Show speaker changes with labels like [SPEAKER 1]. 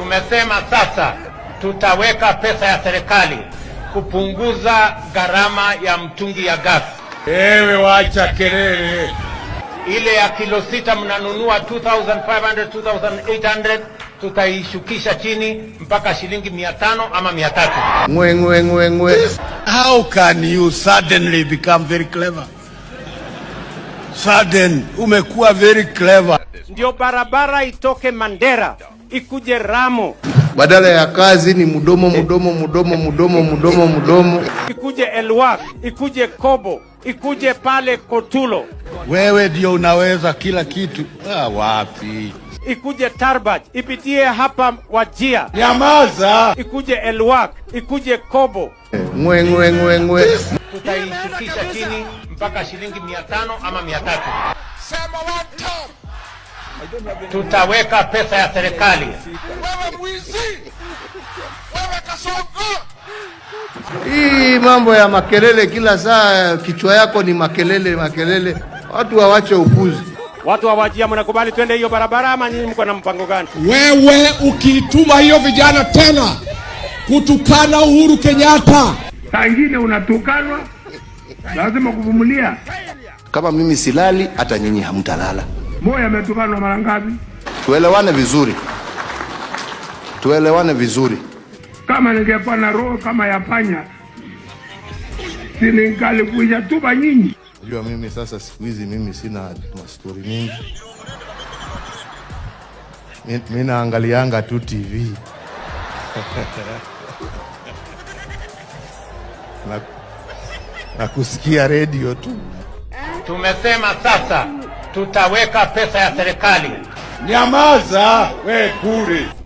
[SPEAKER 1] Tumesema sasa tutaweka pesa ya serikali kupunguza gharama ya mtungi ya gasi.
[SPEAKER 2] Ewe wacha kelele
[SPEAKER 1] ile ya kilo sita mnanunua 2500 2800 tutaishukisha chini mpaka shilingi 500 ama 300.
[SPEAKER 2] Ngwe ngwe ngwe ngwe. How can you suddenly become very clever? Sudden umekuwa very clever.
[SPEAKER 3] Ndio barabara itoke Mandera ikuje Ramo,
[SPEAKER 2] badala ya kazi ni mdomo mdomo mdomo mdomo mdomo mdomo,
[SPEAKER 3] ikuje Elwak, ikuje Kobo, ikuje pale Kotulo.
[SPEAKER 2] Wewe ndio unaweza kila kitu. Ah, wapi
[SPEAKER 3] ikuje Tarbaj ipitie hapa Wajia,
[SPEAKER 2] nyamaza,
[SPEAKER 3] ikuje Elwak, ikuje Kobo.
[SPEAKER 2] Ngwe ngwe ngwe ngwe,
[SPEAKER 1] tutaishukisha chini mpaka shilingi mia tano ama mia tatu. Sema watu tutaweka pesa ya serikali. Wewe mwizi,
[SPEAKER 2] wewe kasongo! Hii mambo ya makelele kila saa, kichwa yako ni makelele makelele. Watu wawache upuzi.
[SPEAKER 3] Watu hawajia, mnakubali twende hiyo barabara ama nyinyi mko na mpango gani?
[SPEAKER 2] Wewe ukiituma hiyo vijana tena kutukana Uhuru Kenyatta,
[SPEAKER 4] saa ingine unatukanwa, lazima kuvumilia.
[SPEAKER 2] Kama mimi silali, hata nyinyi hamtalala.
[SPEAKER 4] Moyo ametukanwa mara ngapi?
[SPEAKER 2] Tuelewane vizuri, tuelewane vizuri.
[SPEAKER 4] Kama ningekuwa na roho kama ya panya siningalikuja tuba nyinyi.
[SPEAKER 2] Unajua mimi sasa siku hizi mimi sina mastori mingi, mimi naangalianga tu TV na, na kusikia redio tu.
[SPEAKER 1] Tumesema sasa tutaweka pesa ya serikali.
[SPEAKER 2] Nyamaza we kuri